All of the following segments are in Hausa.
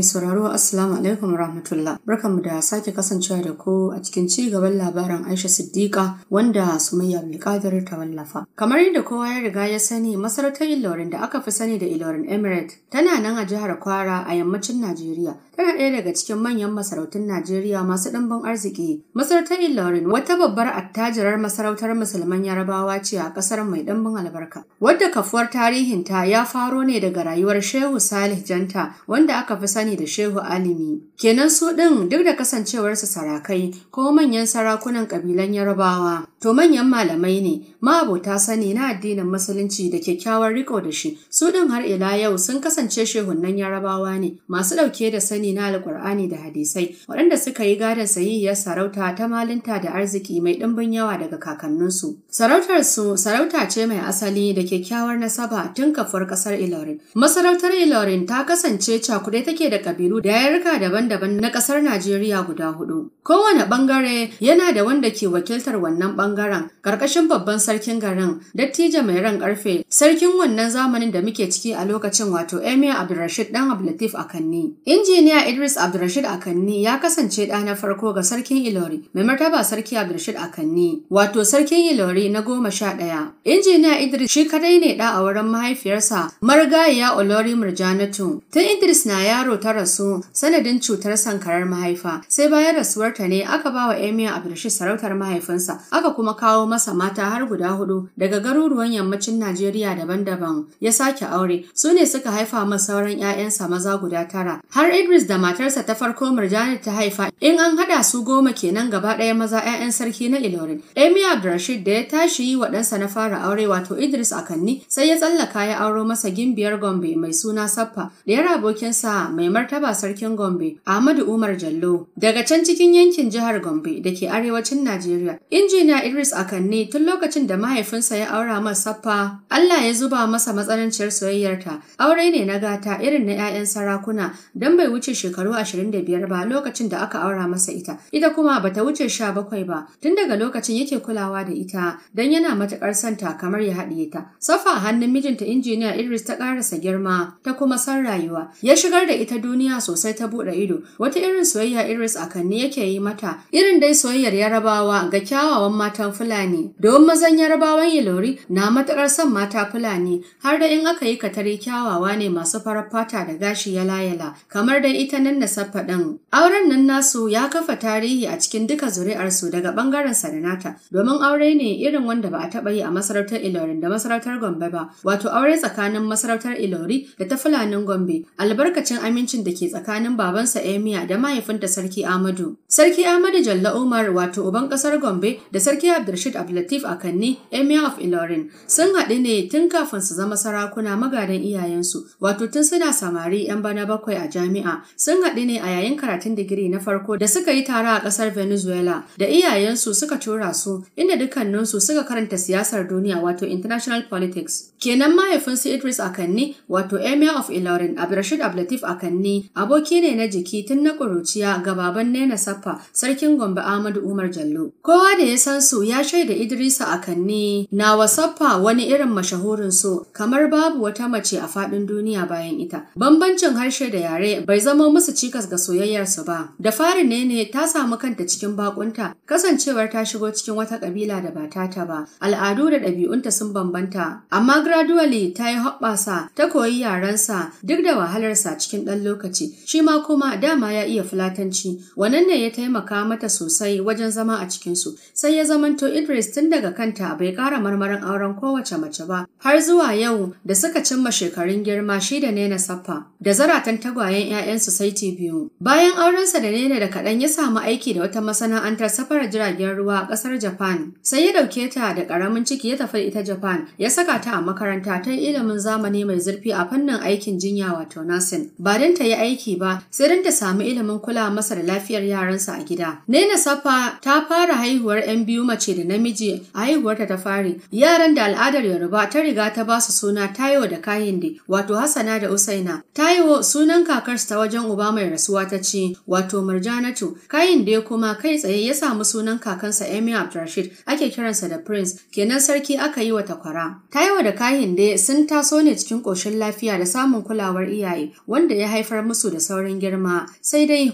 Mai sauraro Assalamu alaikum rahmatullah. Barkanmu da sake kasancewa da ku a cikin ci gaban labarin Aisha Siddiqa wanda Sumayya Abdulkadir ta wallafa. Kamar yadda kowa ya riga ya sani masarautar Ilorin da aka fi sani da Ilorin Emirate tana nan a jihar Kwara a yammacin Najeriya. tana ɗaya daga cikin manyan masarautun Najeriya masu ɗimbin arziki. Masarautar Ilorin wata babbar attajirar masarautar musulman Yarabawa ce a ƙasar mai ɗimbin albarka. Wadda kafuwar tarihinta ya faro ne daga rayuwar Shehu Salih Janta wanda aka fi sani da Shehu Alimi. Kenan su ɗin duk da kasancewarsu sarakai ko manyan sarakunan ƙabilan Yarabawa. To manyan malamai ne ma'abota sani na addinin musulunci da kyakkyawar riko da shi su ɗin har ila yau sun kasance shehunnan yarabawa ne masu ɗauke da sani na alƙur'ani da hadisai waɗanda suka yi gadon sayayyar sarauta ta malinta da arziki mai ɗimbin yawa daga kakanninsu sarautar su sarauta ce mai asali da kyakkyawar nasaba tun kafar ƙasar ilorin masarautar ilorin ta kasance cakuɗe take da ƙabilu da yarurruka daban-daban na ƙasar najeriya guda hudu kowane ɓangare yana da wanda ke wakiltar wannan ɓangaren ƙarƙashin babban sarkin garin dattijo mai ran karfe sarkin wannan zamanin da muke ciki a lokacin wato Emir Abdulrashid dan Abdulatif Akanni. Injiniya Idris Abdulrashid Akanni ya kasance ɗa na farko ga sarkin Ilori mai martaba sarki Abdulrashid Akanni wato sarkin Ilori na goma sha ɗaya. Injiniya Idris shi kadai ne ɗa a wurin mahaifiyarsa marigayiya Olori Murjanatu. Tun Idris na yaro ta rasu sanadin cutar sankarar mahaifa sai bayan rasuwarta ne aka ba wa Emir Abdulrashid sarautar mahaifinsa aka kuma kawo masa mata har guda guda hudu daga garuruwan yammacin Najeriya daban-daban ya sake aure su ne suka haifa masa sauran 'ya'yansa maza guda tara har Idris da matarsa ta farko Murjani ta haifa in an hada su goma kenan gaba ɗaya maza 'ya'yan sarki na Ilorin Emi Rashid da ya tashi yi wa ɗansa na fara aure wato Idris Akanni sai ya tsallaka ya auro masa gimbiyar Gombe mai suna Saffa da yar abokinsa mai martaba sarkin Gombe Ahmadu Umar Jallo daga can cikin yankin jihar Gombe da ke arewacin Najeriya injiniya Idris Akanni tun lokacin da mahaifinsa ya aura masa fa Allah ya zuba masa matsananciyar soyayyarta aure ne na gata irin na 'ya'yan sarakuna don bai wuce shekaru 25 ba lokacin da aka aura masa ita ita kuma bata wuce 17 ba tun daga lokacin yake kulawa da ita don yana matukar santa kamar ya haɗiye ta safa hannun mijinta injiniya Idris ta karasa girma ta kuma san rayuwa ya shigar da ita duniya sosai ta buɗe ido wata irin soyayya Idris ne yake yi mata irin dai soyayyar Yarabawa ga kyawawan matan Fulani don mazan yarabawan Ilori na matuƙar son mata Fulani har da in aka yi katari kyawawa ne masu farar fata da gashi yala-yala kamar da ita nan na saffa ɗin. Auren nan nasu ya kafa tarihi a cikin duka zuri'arsu daga da nata domin aure ne irin wanda ba a taɓa yi a masarautar Ilorin da masarautar Gombe ba wato aure tsakanin masarautar Ilori da ta Fulanin Gombe albarkacin amincin da ke tsakanin babansa Emiya da mahaifinta Sarki Ahmadu. Sarki Ahmadu Jalla Umar wato uban ƙasar Gombe da Sarki Abdulrashid Abdulatif kanni Malami, of Ilorin, sun haɗu ne tun kafin su zama sarakuna magadan iyayensu, wato tun suna samari 'yan bana bakwai a jami'a, sun haɗu ne a yayin karatun digiri na farko da suka yi tare a ƙasar Venezuela, da iyayensu suka tura su, inda dukkaninsu suka karanta siyasar duniya wato international politics. Kenan mahaifinsu Idris Akanni, wato Emir of Ilorin, abdulrashid Ablatif Akanni, aboki ne na jiki tun na ƙuruciya ga baban Nena Saffa, sarkin Gombe Ahmadu Umar Jallo. Kowa da ya san su ya shaida Idrisa Akanni wasanni na wasaffa wani irin mashahurin so kamar babu wata mace a faɗin duniya bayan ita. Bambancin harshe da yare bai zama musu cikas ga soyayyarsu ba. Da fari ne ne ta samu kanta cikin bakunta kasancewar ta shigo cikin wata kabila da ba ta ta ba. Al'adu da ɗabi'unta sun bambanta amma gradually ta yi hoɓɓasa ta koyi yarensa duk da wahalarsa cikin ɗan lokaci shi ma kuma dama ya iya fulatanci wannan ne ya taimaka mata sosai wajen zama a cikinsu sai ya zamanto Idris tun daga kanta ta bai ƙara marmarin auren kowace mace ba har zuwa yau da suka cimma shekarun girma shi da Nena Saffa da zaratan tagwayen 'ya'yansu saiti biyu. Bayan aurensa da Nena da kaɗan ya samu aiki da wata masana'antar safarar jiragen ruwa a ƙasar Japan sai ya ɗauke ta da ƙaramin ciki ya tafi ita Japan ya saka ta a makaranta ta ilimin zamani mai zurfi a fannin aikin jinya wato nursing. Ba don ta yi aiki ba sai don ta samu ilimin kula masa da lafiyar yaransa a gida. Nena Saffa ta fara haihuwar 'yan biyu mace da namiji a haihuwar haihuwarta ta fari yaran da al'adar Yoruba ta riga ta ba su suna Taiwo da Kayinde wato Hassana da Usaina Taiwo sunan kakarsu ta wajen uba mai rasuwa ta ci, wato Murjanatu Kayinde kuma kai tsaye ya samu sunan kakansa Emir Abdurrashid ake kiransa da Prince kenan sarki aka yi wa takwara Taiwo da Kayinde sun taso ne cikin koshin lafiya da samun kulawar iyaye wanda ya haifar musu da saurin girma sai dai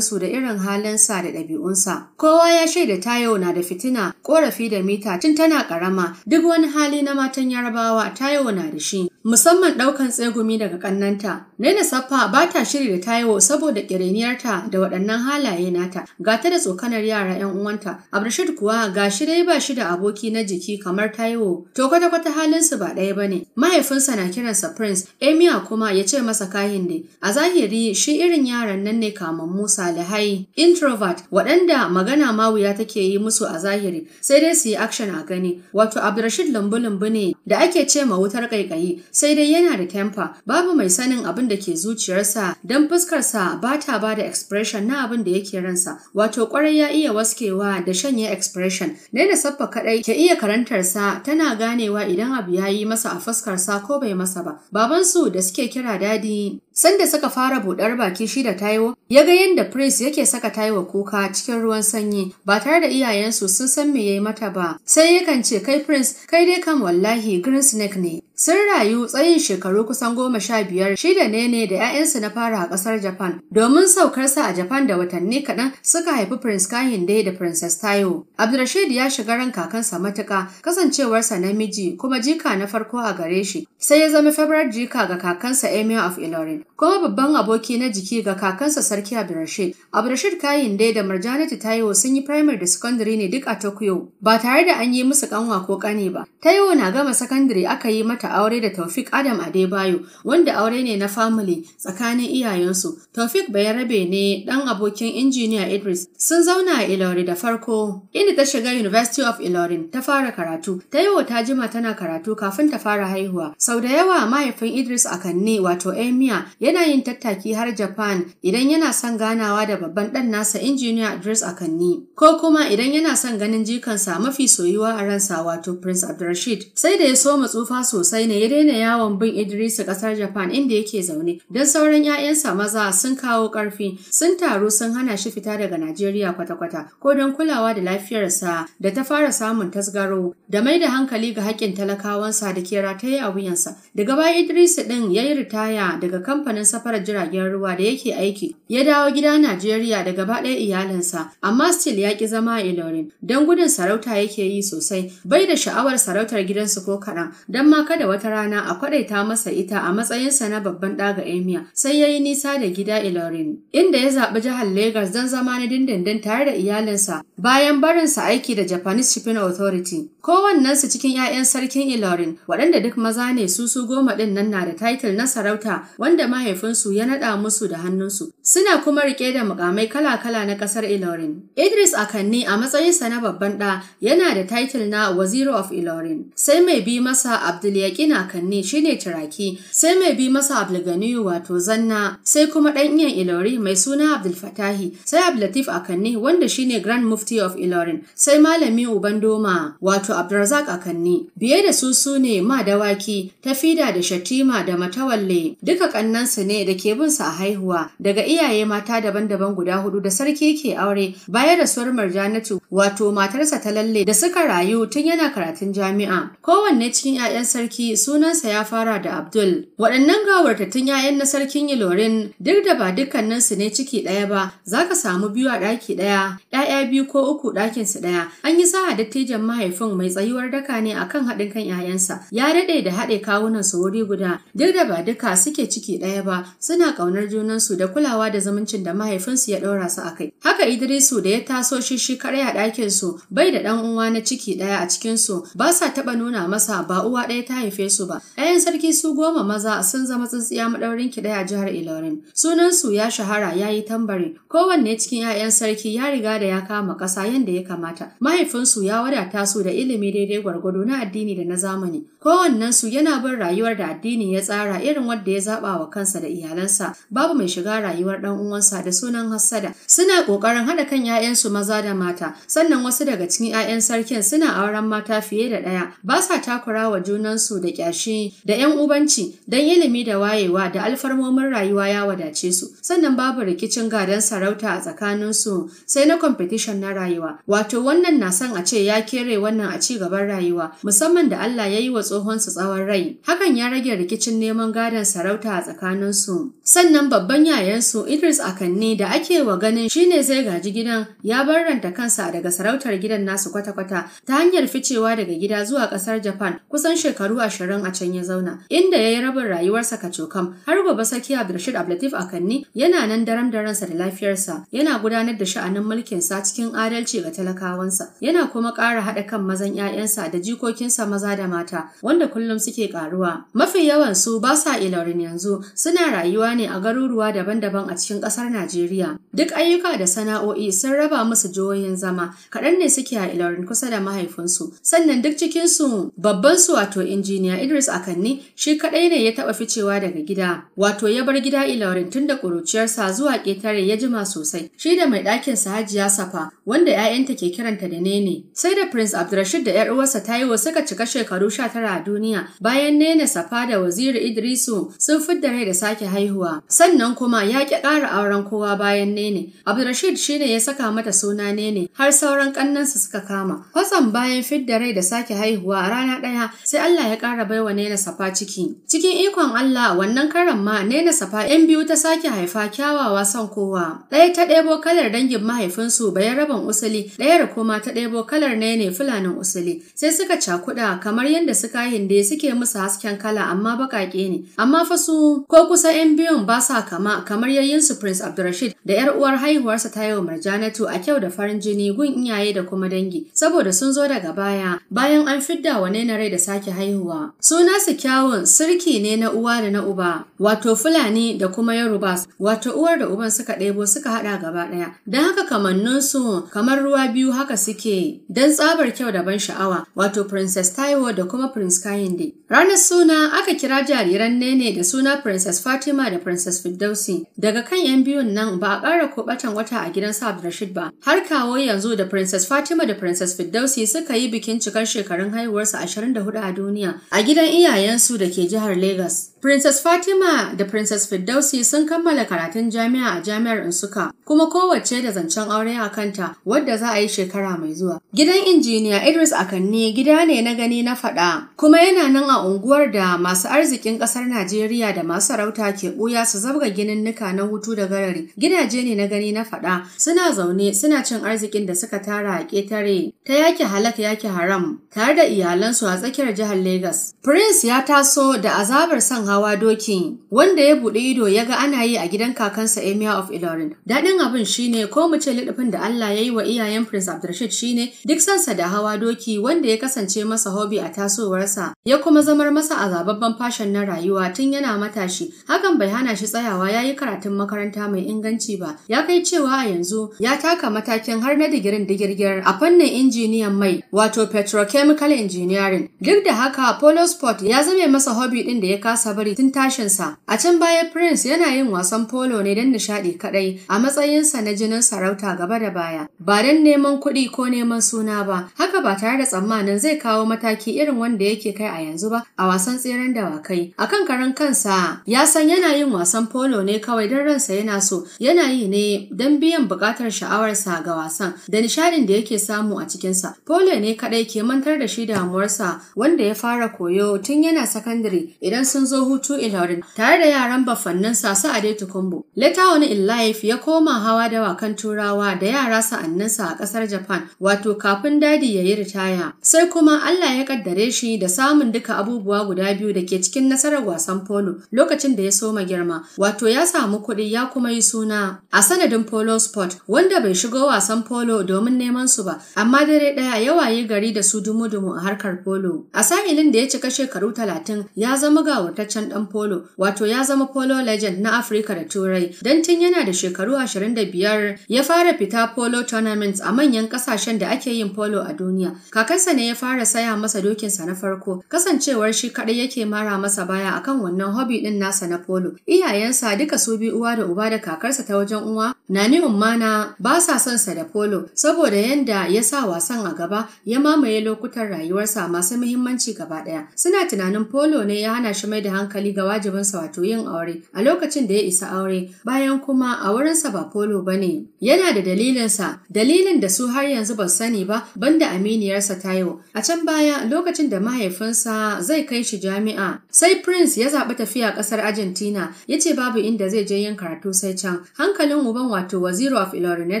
su da irin halinsa da ɗabi'unsa kowa ya shaida tayo na da fitina korafi da mita tun tun tana karama duk wani hali na matan Yarabawa Taiwo na da shi musamman ɗaukan tsegumi daga kannanta. Naina Saffa ba ta shiri da Taiwo saboda kireniyarta da waɗannan halaye nata. Ga ta da tsokanar yara 'yan uwanta. Abdurshid kuwa ga shi dai ba shi da aboki na jiki kamar Taiwo. To kwata kwata halin su ba ɗaya bane. Mahaifinsa na kiransa Prince, Emia kuma ya ce masa kahin ne. A zahiri shi irin yaran nan ne kamar Musa Lahai, introvert waɗanda magana ma wuya take yi musu a zahiri sai dai su yi action a gani wato Abdurrashid lambu lumbu ne da ake ce ma wutar kaikayi sai dai yana da temper babu mai sanin abin da ke zuciyarsa dan fuskarsa ba ta ba da expression na abin da yake ransa wato kwarai ya iya waskewa da shanye expression da saffa kaɗai ke iya karantarsa tana ganewa idan abu ya yi masa a fuskarsa ko bai masa ba babansu da suke kira dadi Sanda suka fara buɗar baki shi da Taiwo, ya ga yadda Prince yake saka Taiwo kuka cikin ruwan sanyi ba tare da iyayensu sun san me ya yi mata ba. Sai yakan ce kai Prince, kai dai kan wallahi Green Snake ne. Sun rayu tsayin shekaru kusan goma sha biyar shi da Nene da 'ya'yansu na fara a kasar Japan. Domin saukar sa a Japan da watanni kaɗan suka haifi Prince Kahinde da Princess Tayo. Abdulrashid ya shiga ran kakansa matuka, kasancewarsa na miji, kuma jika na farko a gare shi. Sai ya zama Febrar jika ga kakansa Emir of Ilorin. Kuma babban aboki na jiki ga kakansa Sarki Abdulrashid. Abdulrashid Kahinde da Marjanatu Tayo sun yi primary da secondary ne duk a Tokyo ba tare da an yi musu kanwa ko ƙani ba. Tayo na gama secondary aka yi mata ta aure da Taufik Adam Adebayo wanda aure ne na family tsakanin iyayensu. Taufik Bayarabe ne dan abokin injiniya Idris sun zauna a Ilorin da farko inda ta shiga University of Ilorin ta fara karatu. Ta yi ta jima tana karatu kafin ta fara haihuwa. Sau da yawa mahaifin Idris Akanne wato Emia yana yin tattaki har Japan idan yana son ganawa da babban dan nasa injiniya Idris Akanni ko kuma idan yana son ganin jikansa mafi soyuwa a ransa wato Prince Abdulrashid sai da ya soma tsufa sosai ne ya daina yawon bin Idrisu ƙasar Japan inda yake zaune don sauran 'ya'yansa maza sun kawo ƙarfi sun taru sun hana shi fita daga Najeriya kwata-kwata ko don kulawa da lafiyarsa da ta fara samun tasgaro da mai da hankali ga haƙƙin talakawansa da ke rataye a wuyansa. Daga baya idris ɗin ya yi ritaya daga kamfanin safarar jiragen ruwa da yake aiki ya dawo gida Najeriya da gaba ɗaya iyalinsa amma still ya ki zama a Ilorin don gudun sarauta yake yi sosai bai da sha'awar sarautar gidansu ko kaɗan don ma kada da wata rana a kwadaita masa ita a matsayinsa na babban ɗa ga sai ya yi nisa da gida Ilorin inda ya zaɓi jihar Legas don zama na dindindin tare da iyalinsa bayan barinsa aiki da Japanese Shipping Authority. Kowannensu cikin 'ya'yan sarkin Ilorin waɗanda duk maza ne su su goma ɗin nan na da title na sarauta wanda mahaifinsu ya naɗa musu da hannunsu. Suna kuma riƙe da mukamai kala-kala na ƙasar Ilorin. Idris Akanni a matsayinsa na babban ɗa yana da title na Waziri of Ilorin sai mai bi masa Abdul na kanne shine turaki sai mai bi masa abdulgani wato zanna sai kuma dan iyan ilori mai suna Abdulfatahi sai abdulatif akanne wanda shine grand mufti of ilorin sai malami doma wato abdulrazak Akanni biye da su sune dawaki tafida da shatima da matawalle duka kannansu ne da ke bin su a haihuwa daga iyaye mata daban-daban guda hudu da sarki ke aure bayan rasuwar marjanatu wato matarsa ta lalle da suka rayu tun yana karatun jami'a kowanne cikin 'ya'yan sarki sarki sunansa ya fara da Abdul. Waɗannan gawartattun 'ya'yan na sarkin Ilorin duk da ba dukkaninsu ne ciki ɗaya ba, za ka samu biyu a ɗaki ɗaya, ‘ya'ya biyu ko uku ɗakinsu ɗaya. An yi sa'a dattijan mahaifin mai tsayuwar daka ne a kan haɗin kan 'ya'yansa. Ya daɗe da haɗe kawunan su wuri guda, duk da ba duka suke ciki ɗaya ba, suna ƙaunar junansu da kulawa da zumuncin da mahaifinsu ya ɗora su a kai. Haka Idrisu da ya taso shi shi kaɗai a ɗakinsu, bai da ɗan uwa na ciki ɗaya a cikinsu, ba sa taɓa nuna masa ba uwa ɗaya ta haifi haife su ba. 'Ya'yan sarki su goma maza sun zama tsintsiya madaurin a jihar Ilorin. Sunansu ya shahara ya yi tambari. Kowanne cikin 'ya'yan sarki ya riga da ya kama ƙasa yadda ya kamata. Mahaifinsu ya wadata su da ilimi daidai gwargwado na addini da na zamani. Kowannensu yana bin rayuwar da addini ya tsara irin wadda ya zaɓa wa kansa da iyalansa. Babu mai shiga rayuwar ɗan uwansa da sunan hassada. Suna ƙoƙarin haɗa kan 'ya'yansu maza da mata. Sannan wasu daga cikin 'ya'yan sarkin suna auren mata fiye da ɗaya. Ba sa takura wa junansu da kyashi da ‘yan ubanci don ilimi da wayewa da alfarmomin rayuwa ya wadace su, sannan babu rikicin gadon sarauta a tsakaninsu sai na competition na rayuwa. Wato wannan na son a ce ya kere wannan a ci gaban rayuwa, musamman da Allah ya yi wa tsohon su tsawon rai. Hakan ya rage rikicin neman gadon sarauta a tsakaninsu. Sannan babban yayansu Idris Akanni da ake wa ganin shine zai gaji gidan ya barranta kansa daga sarautar gidan nasu kwata-kwata ta hanyar ficewa daga gida zuwa ƙasar Japan kusan shekaru ashirin a can ya zauna, inda ya yi rabin rayuwarsa kacokam. Har gobe sarki Abdulrashid Ablatif Akanni yana nan daram da ransa da lafiyarsa, yana gudanar da sha'anin mulkin sa cikin adalci ga talakawansa, yana kuma kara haɗa kan mazan 'ya'yansa da jikokinsa maza da mata, wanda kullum suke karuwa. Mafi yawan su ba sa ilorin yanzu, suna rayuwa ne a garuruwa daban-daban a cikin ƙasar Najeriya. Duk ayyuka da sana'o'i sun raba musu jihohin zama, kaɗan ne suke a ilorin kusa da mahaifinsu, sannan duk cikinsu babban su wato inji injiniya Idris Akanni shi kaɗai ne ya taɓa ficewa daga gida, wato ya bar gida Ilorin tun da ƙuruciyarsa zuwa ƙetare ya jima sosai. Shi da mai ɗakin sa Hajiya Safa, wanda 'ya'yanta ke kiranta da Nene. Sai da Prince Abdulrashid da 'yar uwarsa wa suka cika shekaru sha tara a duniya, bayan Nene Safa da Waziri Idrisu sun fidda rai da sake haihuwa. Sannan kuma ya ƙi ƙara auren kowa bayan Nene. Abdulrashid shine ya saka mata suna Nene, har sauran ƙannansa suka kama. Kwatsam bayan fidda rai da sake haihuwa a rana ɗaya sai Allah ya ƙara baiwa Nena Safa ciki. Cikin ikon Allah wannan karan ma Nena Safa ‘yan biyu ta sake haifa kyawawa son kowa. Ɗaya ta ɗebo kalar dangin mahaifinsu bayan rabin usuli, da kuma ta ɗebo kalar Nene Fulanin usuli. Sai suka cakuɗa kamar yadda suka hinde suke musu hasken kala amma baƙaƙe ne. Amma fa su ko kusa ‘yan biyun ba sa kama kamar yayin su Prince Abdulrashid da ‘yar uwar haihuwarsa ta wa Marjanatu a kyau da farin jini gun iyaye da kuma dangi. Saboda sun zo daga baya bayan an fidda wa Nena rai da sake haihuwa Suna su kyawun sirki ne na uwa da na uba, wato Fulani da kuma Yoruba, wato uwar da uban suka ɗebo suka haɗa gaba ɗaya. Don haka kamanninsu kamar ruwa biyu haka suke don tsabar kyau da ban sha'awa, wato Princess Taiwo da kuma Prince Kayinde. Ranar suna aka kira jariran Nene da suna Princess Fatima da Princess Firdausi. Daga kan 'yan biyun nan ba a ƙara kuɓatan wata a gidan sa Rashid ba. Har kawo yanzu da Princess Fatima da Princess Firdausi suka yi bikin cikar shekarun haihuwarsa 24 a duniya a gidan iyayensu da ke jihar Legas. Princess Fatima da Princess Firdausi sun kammala karatun jami'a a jami'ar Insuka kuma kowace da zancen aure a kanta wadda za a yi shekara mai zuwa. Gidan injiniya Idris Akanni gida ne na gani na faɗa kuma yana nan a unguwar da masu arzikin ƙasar Najeriya da masu sarauta ke ɓuya su zabga nika na hutu da garari. Gidaje ne na gani na faɗa suna zaune suna cin arzikin da suka tara a ƙetare ta yaki halak yaki haram tare da iyalansu a tsakiyar jihar Legas. Prince ya taso da azabar son hawa dokin wanda ya buɗe ido ya ga ana yi a gidan kakansa Emir of Ilorin. Daɗin abin shine ko mu ce liɗafin da Allah ya yi wa iyayen Prince Abdulrashid shine duk sansa da hawa doki wanda ya kasance masa hobi a tasowarsa ya kuma zamar masa a zababban na rayuwa tun yana matashi. Hakan bai hana shi tsayawa ya yi karatun makaranta mai inganci ba. Ya kai cewa a yanzu ya taka matakin har na digirin digirgir a fannin injiniyan mai wato petrochemical engineering. Duk da haka polo sport ya zame masa hobi ɗin da ya kasa bari tun tashinsa. A can baya Prince yana yin wasan polo ne don nishaɗi kaɗai a matsayinsa na jinin sarauta gaba da baya, ba don neman kuɗi ko neman suna ba, haka ba tare da tsammanin zai kawo mataki irin wanda yake kai a yanzu ba a wasan tseren dawakai. A kan karan kansa ya san yana yin wasan polo ne kawai don ransa yana so, yana yi ne don biyan buƙatar sha'awarsa ga wasan da nishaɗin da yake samu a cikinsa. Polo ne kaɗai ke mantar da shi damuwarsa wanda ya fara koyo tun yana sakandare idan sun zo hutu Ilorin tare da yaran bafannin sasa a Leta Kumbu. leta wani in life ya koma hawa da wakan Turawa da yara sa'annansa a ƙasar Japan wato kafin dadi ya yi ritaya. Sai kuma Allah ya kaddare shi da samun duka abubuwa guda biyu da ke cikin nasarar wasan polo lokacin da ya soma girma wato ya samu kuɗi ya kuma yi suna a sanadin polo sport wanda bai shigo wasan polo domin neman su ba amma dare ɗaya ya waye gari da su dumu-dumu a harkar polo. A sa'ilin da ya cika shekaru talatin ya zama gawurtaccen fitaccen dan polo wato ya zama polo legend na Afirka da Turai dan tun yana da shekaru 25 ya fara fita polo tournaments a manyan kasashen da ake yin polo a duniya kakansa ne ya fara saya masa dokinsa na farko kasancewar shi kadai yake mara masa baya akan wannan hobby din nasa na polo iyayensa duka su bi uwa da uba da kakarsa ta wajen uwa Nani Ummana ba sa son sa da polo saboda yanda ya sa wasan a gaba ya mamaye lokutan rayuwarsa masu muhimmanci gaba daya suna tunanin polo ne ya hana shi mai da hankali hankali ga wajibinsa wato yin aure a lokacin da ya isa aure bayan kuma a wurinsa ba polo ba ne. Yana da dalilinsa, dalilin da su har yanzu ba sani ba banda aminiyarsa ta Taiwo. A can baya lokacin da mahaifinsa zai kai shi jami'a, sai Prince ya zaɓi tafiya ƙasar Argentina ya ce babu inda zai je yin karatu sai can. Hankalin uban wato Waziri of Ilorin ya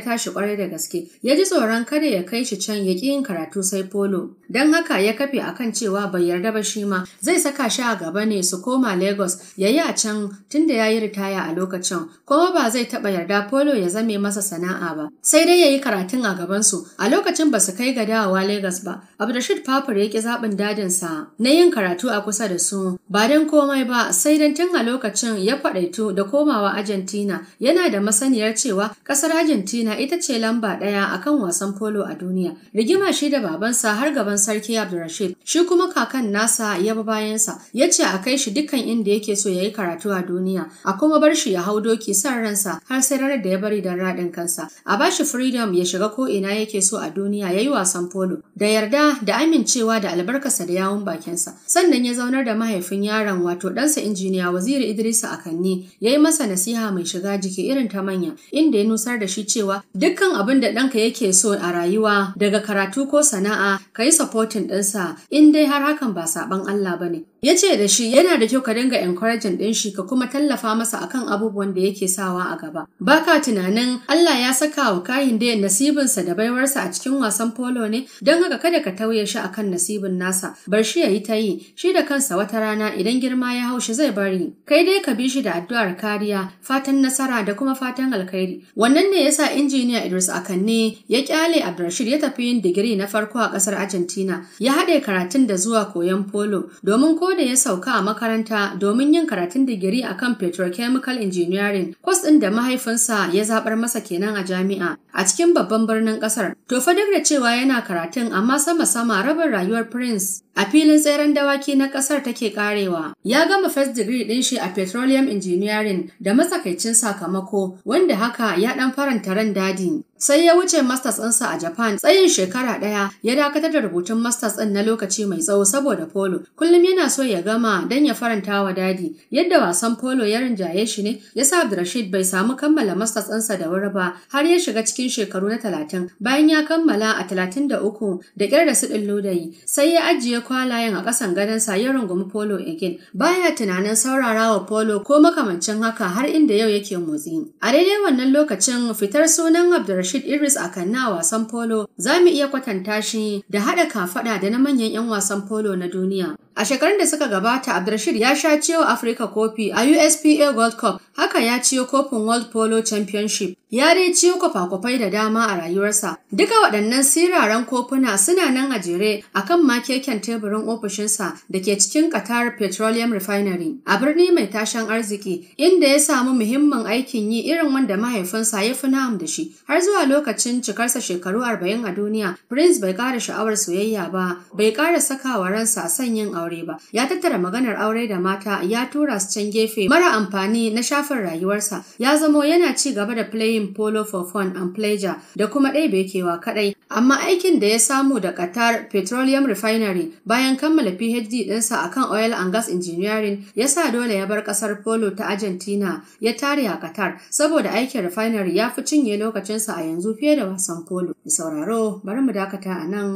tashi ƙwarai da gaske, ya ji tsoron kada ya kai shi can ya ƙi yin karatu sai polo. Don haka ya kafe akan cewa bai yarda ba shi ma zai saka shi a gaba ne su ko koma Lagos ya yi a can tunda ya yi ritaya a lokacin kuma ba zai taɓa yarda polo ya zame masa sana'a ba sai dai ya yi karatun a gabansu a lokacin ba su kai ga dawowa Lagos ba Abdulrashid papur ya ki zaɓin dadinsa na yin karatu a kusa da su ba don komai ba sai don tun a lokacin ya faɗaitu da komawa Argentina yana da masaniyar cewa ƙasar Argentina ita ce lamba ɗaya a kan wasan polo a duniya rigima shi da babansa har gaban sarki Abdulrashid shi kuma kakan nasa ya bi bayansa ya ce a kai shi duk dukkan inda yake so ya yi karatu a duniya a kuma bar shi ya hau doki san ransa har sai ranar da ya bari don raɗin kansa a ba shi freedom ya shiga ko ina yake so a duniya ya yi wasan polo da yarda da amincewa da albarkarsa da yawun bakinsa sannan ya zaunar da mahaifin yaron wato ɗansa injiniya waziri idrisa a kanni ya yi masa nasiha mai shiga jiki irin ta manya inda ya nusar da shi cewa dukkan abin da ɗanka yake so a rayuwa daga karatu ko sana'a ka yi supporting ɗinsa in dai har hakan ba saɓan Allah ba ne Ya ce da shi yana da kyau ka dinga encouraging din shi ka kuma tallafa masa akan abubuwan da yake sawa a gaba. Baka tunanin Allah ya saka wa kayin da nasibinsa da baiwarsa a cikin wasan polo ne don haka kada ka tauye shi akan nasibin nasa bar shi ya yi ta yi shi da kansa wata rana idan girma ya haushi zai bari. Kai dai ka bi shi da addu'ar kariya fatan nasara da kuma fatan alkhairi. Wannan ne yasa injiniya Idris Akanne ya kyale Abdulrashid ya tafi yin digiri na farko a ƙasar Argentina ya haɗe karatun da zuwa koyon polo domin ko da ya sauka a makaranta domin yin karatun digiri a kan petrochemical engineering kwas ɗin da mahaifinsa ya zaɓar masa kenan a jami'a a cikin babban birnin ƙasar. To fa duk da cewa yana karatun amma sama-sama rabin rayuwar Prince a filin tseren dawaki na ƙasar take ƙarewa Ya gama first degree ɗin shi a petroleum engineering da matsakaicin sakamako wanda haka ya ɗan faranta ran dadi. Sai ya wuce masters ɗinsa a Japan tsayin shekara ɗaya ya dakatar da rubutun masters ɗin na lokaci mai tsawo saboda polo. Kullum yana so ya gama don ya faranta wa dadi. Yadda wasan polo ya rinjaye shi ne ya sa bai samu kammala masters ɗinsa da wuri ba har ya shiga cikin shekaru na talatin. Bayan ya kammala a talatin da uku da kyar da siɗin lodayi sai ya ajiye kwalayen a ƙasan gadonsa ya rungumi polo again. Baya tunanin saurara wa polo ko makamancin haka har inda yau yake motsi. A daidai wannan lokacin fitar sunan Abdurrashid Rashid iris a kan na wasan polo za mu iya kwatanta shi da haɗa kafaɗa da na manyan 'yan wasan polo na duniya. A shekarun da suka gabata, Abdulrashid ya sha ciwo Afrika Kofi a USPA Gold Cup, haka ya ciyo kofin World Polo Championship. Ya dai ciyo kwafa-kwafai da dama a rayuwarsa. Duka waɗannan siraran kofuna suna nan a jere a kan makeken teburin ofishinsa da ke cikin Qatar Petroleum Refinery a birni mai tashan arziki, inda ya samu muhimmin aikin yi irin wanda mahaifinsa ya fi na'am da shi. Har zuwa lokacin cikarsa shekaru arba'in a duniya, Prince bai ƙara sha'awar soyayya ba, bai ƙara sakawa ransa son yin aure ba. Ya tattara maganar aure da mata ya tura su can gefe mara amfani na shafin rayuwarsa. Ya zamo yana ci gaba da playing polo for fun and pleasure da kuma ɗaya kewa kaɗai. Amma aikin da ya samu da Qatar Petroleum Refinery bayan kammala PhD ɗinsa akan Oil and Gas Engineering ya sa dole ya bar ƙasar Polo ta Argentina ya tare a Qatar saboda aikin refinery ya fi cinye lokacinsa a yanzu fiye da wasan polo. Sauraro bari mu dakata a nan